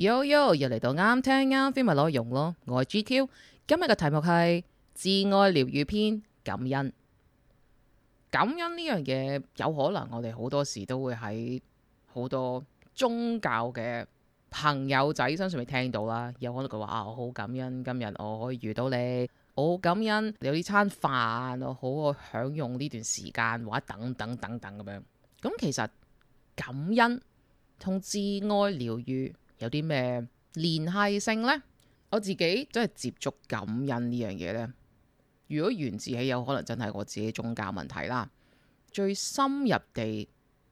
Yo, yo 又嚟到啱聽啱 feel 咪攞用咯，我係 GQ，今日嘅題目係自愛療癒篇。感恩，感恩呢樣嘢有可能我哋好多時都會喺好多宗教嘅朋友仔身上面聽到啦。有可能佢話啊，我好感恩今日我可以遇到你，我好感恩你有呢餐飯，我好我享用呢段時間，或等等等等咁樣。咁其實感恩同自愛療癒。有啲咩連繫性呢？我自己真係接觸感恩呢樣嘢呢。如果源自起有可能真係我自己宗教問題啦。最深入地，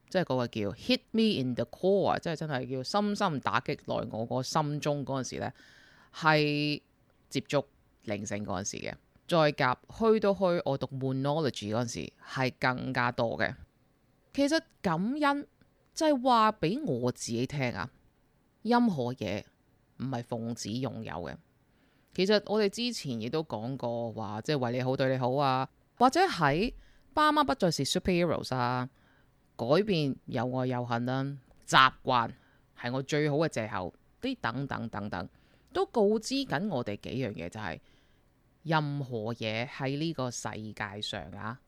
即係嗰個叫 Hit me in the core，即係真係叫深深打擊嚟我個心中嗰陣時咧，係接觸靈性嗰陣時嘅。再夾去到去我讀 Moonology 嗰陣時係更加多嘅。其實感恩即係話俾我自己聽啊。任何嘢唔係奉旨擁有嘅，其實我哋之前亦都講過話，即係、就是、為你好，對你好啊，或者喺爸媽不再是 superheroes 啊，改變又愛又恨啊，習慣係我最好嘅借口，啲等等等等，都告知緊我哋幾樣嘢、就是，就係任何嘢喺呢個世界上啊，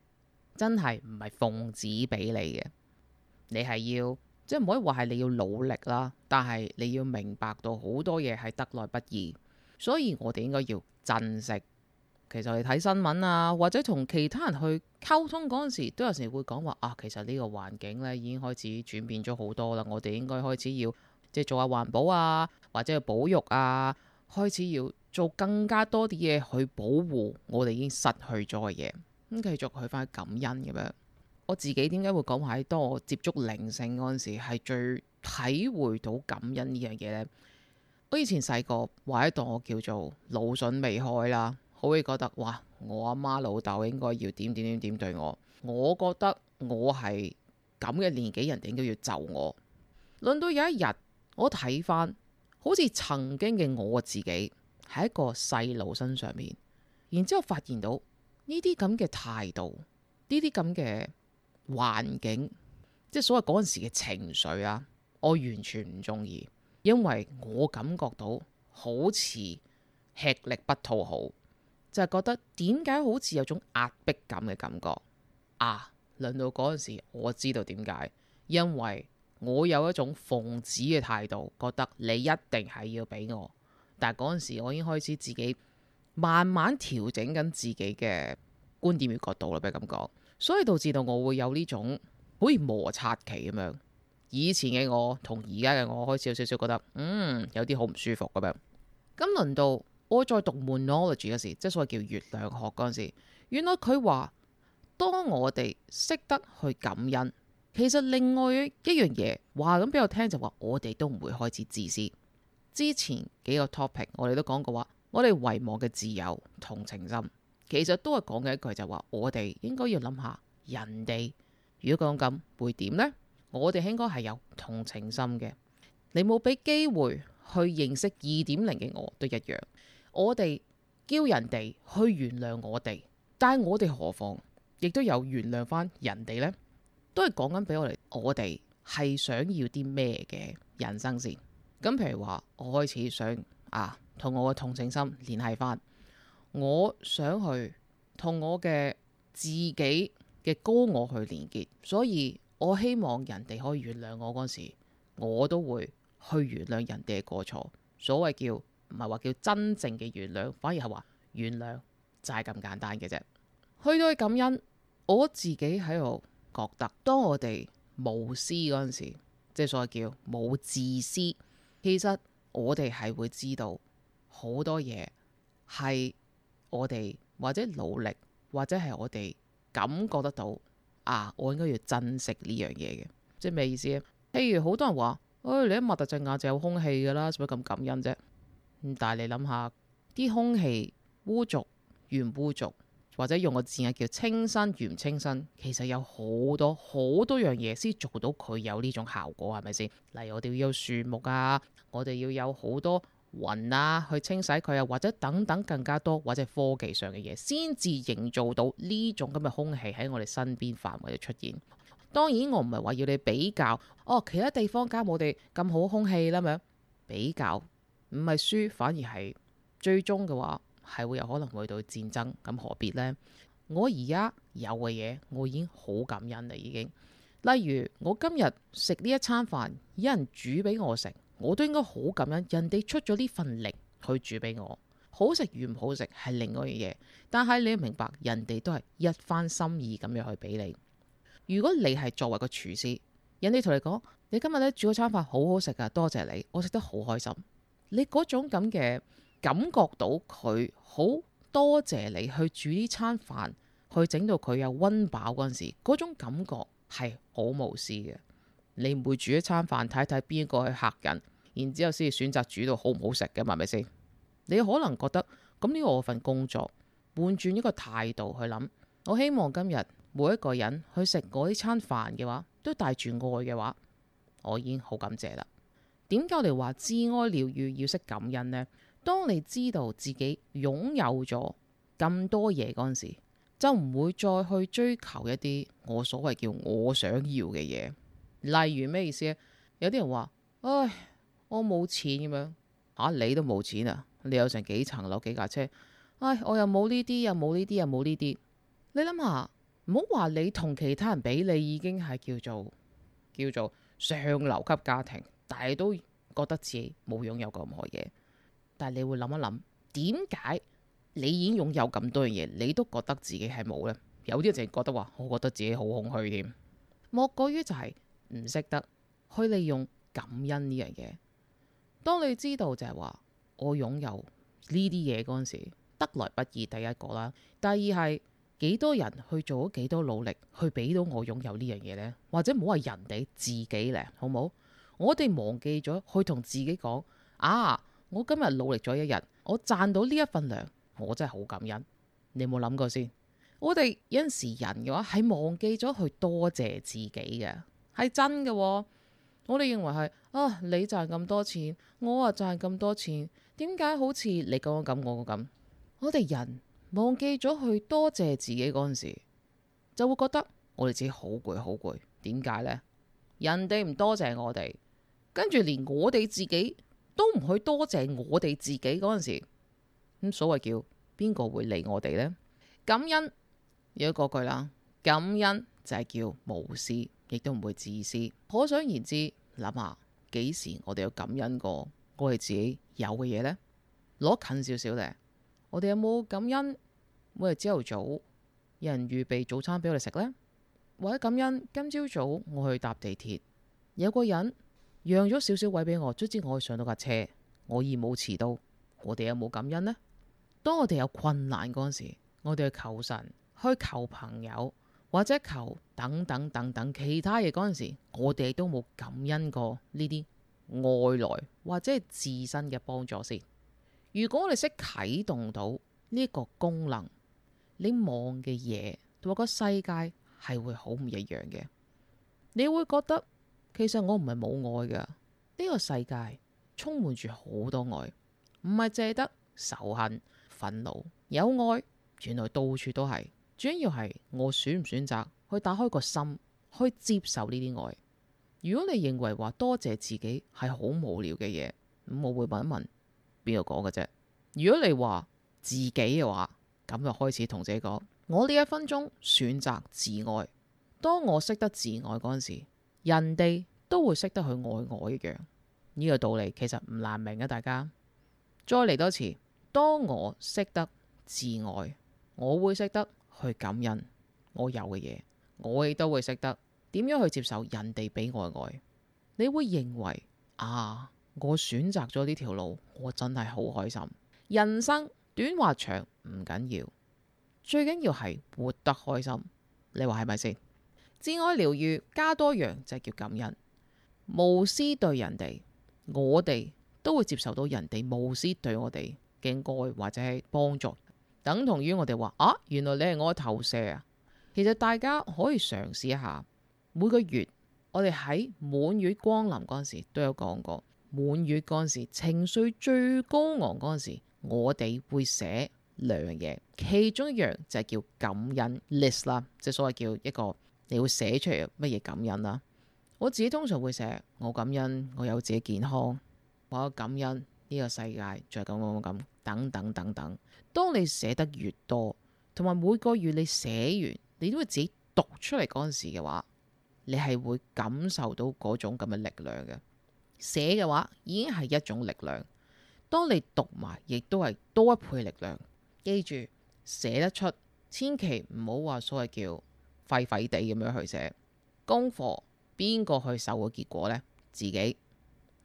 真係唔係奉旨俾你嘅，你係要。即係唔可以話係你要努力啦，但係你要明白到好多嘢係得來不易，所以我哋應該要珍惜。其實你睇新聞啊，或者同其他人去溝通嗰陣時，都有時會講話啊，其實呢個環境咧已經開始轉變咗好多啦，我哋應該開始要即係做下環保啊，或者去保育啊，開始要做更加多啲嘢去保護我哋已經失去咗嘅嘢。咁繼續去翻去感恩咁樣。我自己點解會講話？喺當我接觸靈性嗰陣時，係最體會到感恩呢樣嘢呢。我以前細個，或者當我叫做腦囟未開啦，好易覺得哇，我阿媽老豆應該要點點點點對我。我覺得我係咁嘅年紀，人哋應該要就我。輪到有一日，我睇翻好似曾經嘅我自己，喺一個細路身上面，然之後發現到呢啲咁嘅態度，呢啲咁嘅，環境即係所謂嗰陣時嘅情緒啊，我完全唔中意，因為我感覺到好似吃力不討好，就係、是、覺得點解好似有種壓迫感嘅感覺啊！輪到嗰陣時，我知道點解，因為我有一種奉旨嘅態度，覺得你一定係要俾我，但係嗰陣時我已經開始自己慢慢調整緊自己嘅觀點與角度啦，不如咁講。所以導致到我會有呢種好似摩擦期咁樣，以前嘅我同而家嘅我開始有少少覺得，嗯，有啲好唔舒服咁樣。咁輪到我再讀 Moonology 嗰時，即係所謂叫月亮學嗰陣時，原來佢話，當我哋識得去感恩，其實另外一樣嘢話咁俾我聽，就話我哋都唔會開始自私。之前幾個 topic 我哋都講過話，我哋遺忘嘅摯友、同情心。其實都係講嘅一句就，就話我哋應該要諗下人哋，如果講咁會點呢？我哋應該係有同情心嘅。你冇俾機會去認識二點零嘅我都一樣。我哋叫人哋去原諒我哋，但係我哋何妨亦都有原諒翻人哋呢。都係講緊俾我哋，我哋係想要啲咩嘅人生先？咁譬如話，我開始想啊，同我嘅同情心聯繫翻。我想去同我嘅自己嘅高我去連結，所以我希望人哋可以原諒我嗰時，我都會去原諒人哋嘅過錯。所謂叫唔係話叫真正嘅原諒，反而係話原諒就係咁簡單嘅啫。去到感恩我自己喺度覺得，當我哋無私嗰陣時，即係所謂叫冇自私，其實我哋係會知道好多嘢係。我哋或者努力，或者係我哋感覺得到啊，我應該要珍惜呢樣嘢嘅，即係咩意思咧？譬如好多人話，誒、哎，你一擘大隻眼就有空氣噶啦，使乜咁感恩啫？但係你諗下，啲空氣污濁，完污濁，或者用個字眼叫清新，完清新，其實有好多好多樣嘢先做到佢有呢種效果，係咪先？例如我哋要有樹木啊，我哋要有好多。雲啊，去清洗佢啊，或者等等更加多，或者科技上嘅嘢，先至營造到呢種咁嘅空氣喺我哋身邊範圍度出現。當然，我唔係話要你比較哦，其他地方加我哋咁好空氣啦，咁樣比較唔係輸，反而係最終嘅話係會有可能會到戰爭。咁何必呢？我而家有嘅嘢，我已經好感恩啦。已經，例如我今日食呢一餐飯，有人煮俾我食。我都應該好感恩，人哋出咗呢份力去煮俾我，好食與唔好食係另外一樣嘢。但係你要明白，人哋都係一番心意咁樣去俾你。如果你係作為個廚師，人哋同你講：你今日咧煮個餐飯好好食噶，多謝你，我食得好開心。你嗰種咁嘅感覺到佢好多謝你去煮呢餐飯，去整到佢有溫飽嗰陣時，嗰種感覺係好無私嘅。你唔會煮一餐飯睇睇邊一個係客人，然之後先選擇煮到好唔好食嘅嘛？係咪先？你可能覺得咁呢個我份工作換轉一個態度去諗。我希望今日每一個人去食我呢餐飯嘅話，都帶住愛嘅話，我已經好感謝啦。點解我哋話自愛療癒要識感恩呢？當你知道自己擁有咗咁多嘢嗰陣時，就唔會再去追求一啲我所謂叫我想要嘅嘢。例如咩意思啊？有啲人話，唉，我冇錢咁樣啊，你都冇錢啊？你有成幾層樓、幾架車，唉，我又冇呢啲，又冇呢啲，又冇呢啲。你諗下，唔好話你同其他人比，你已經係叫做叫做上流級家庭，但係都覺得自己冇擁有過任何嘢。但係你會諗一諗，點解你已經擁有咁多樣嘢，你都覺得自己係冇咧？有啲人淨係覺得話，我覺得自己好空虛添，莫過於就係、是。唔識得去利用感恩呢樣嘢。當你知道就係話我擁有呢啲嘢嗰陣時，得來不易。第一個啦，第二係幾多人去做咗幾多努力去俾到我擁有呢樣嘢呢？或者唔好話人哋自己呢，好冇？我哋忘記咗去同自己講啊！我今日努力咗一日，我賺到呢一份糧，我真係好感恩。你有冇諗過先？我哋有陣時人嘅話係忘記咗去多謝自己嘅。係真嘅，哦，我哋認為係啊。你賺咁多錢，我啊賺咁多錢，點解好似你個個咁，我個咁？我哋人忘記咗去多謝自己嗰陣時，就會覺得我哋自己好攰，好攰。點解呢？人哋唔多謝我哋，跟住連我哋自己都唔去多謝我哋自己嗰陣時，咁所謂叫邊個會理我哋呢？感恩，有一嗰句啦，感恩就係叫無私。亦都唔會自私，可想而知。諗下，幾時我哋有感恩過我哋自己有嘅嘢呢？攞近少少咧，我哋有冇感恩？每日朝頭早有人預備早餐俾我哋食呢？或者感恩今朝早我去搭地鐵，有個人讓咗少少位俾我，卒之我可以上到架車，我已冇遲到。我哋有冇感恩呢？當我哋有困難嗰陣時，我哋去求神，去求朋友。或者求等等等等其他嘢嗰陣時，我哋都冇感恩過呢啲外來或者係自身嘅幫助先。如果我哋識啟動到呢個功能，你望嘅嘢同埋個世界係會好唔一樣嘅。你會覺得其實我唔係冇愛噶，呢個世界充滿住好多愛，唔係淨得仇恨、憤怒有愛，原來到處都係。主要係我選唔選擇去打開個心，去接受呢啲愛。如果你認為話多謝自己係好無聊嘅嘢，咁我會問一問邊個講嘅啫。如果你話自己嘅話，咁就開始同自己講：我呢一分鐘選擇自愛。當我識得自愛嗰陣時，人哋都會識得去愛我一樣。呢個道理其實唔難明嘅，大家再嚟多次。當我識得自愛，我會識得。去感恩我有嘅嘢，我亦都會識得點樣去接受人哋俾我嘅愛。你會認為啊，我選擇咗呢條路，我真係好開心。人生短或長唔緊要，最緊要係活得開心。你話係咪先？自愛療癒加多樣就是叫感恩，無私對人哋，我哋都會接受到人哋無私對我哋嘅愛或者係幫助。等同於我哋話啊，原來你係我嘅投射啊！其實大家可以嘗試一下，每個月我哋喺滿月光臨嗰陣時都有講過，滿月嗰陣時情緒最高昂嗰陣時，我哋會寫兩樣嘢，其中一樣就係叫感恩 list 啦，即係所謂叫一個，你會寫出嚟乜嘢感恩啦。我自己通常會寫我感恩我有自己健康，我有感恩。呢個世界，再咁咁咁等等等等。當你寫得越多，同埋每個月你寫完，你都會自己讀出嚟嗰陣時嘅話，你係會感受到嗰種咁嘅力量嘅。寫嘅話已經係一種力量。當你讀埋，亦都係多一倍力量。記住寫得出，千祈唔好話所謂叫廢廢地咁樣去寫功課。邊個去受個結果呢？自己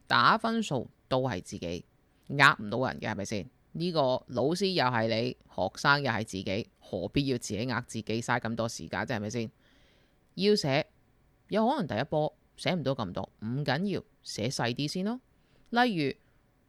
打分數都係自己。呃唔到人嘅係咪先？呢個老師又係你，學生又係自己，何必要自己呃自己，嘥咁多時間啫？係咪先？要寫，有可能第一波寫唔到咁多，唔緊要，寫細啲先咯。例如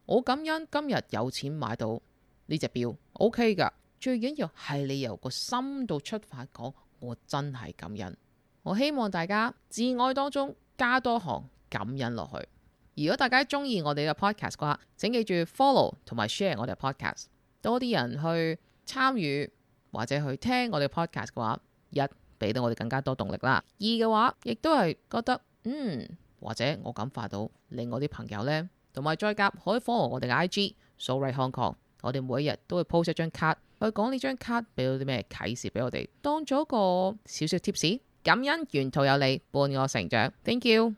我感恩今日有錢買到呢隻錶，OK 噶。最緊要係你由個深度出發講，我真係感恩。我希望大家自愛當中加多行感恩落去。如果大家中意我哋嘅 podcast 嘅話，請記住 follow 同埋 share 我哋嘅 podcast。多啲人去參與或者去聽我哋 podcast 嘅話，一俾到我哋更加多動力啦。二嘅話，亦都係覺得嗯，或者我感化到令我啲朋友呢，同埋再夾可以 follow 我哋嘅 IG zoritehk。我哋每一日都會 post 一張 card 去講呢張 card 俾到啲咩啟示俾我哋，當咗個小小 tips。感恩沿途有你，伴我成長。Thank you。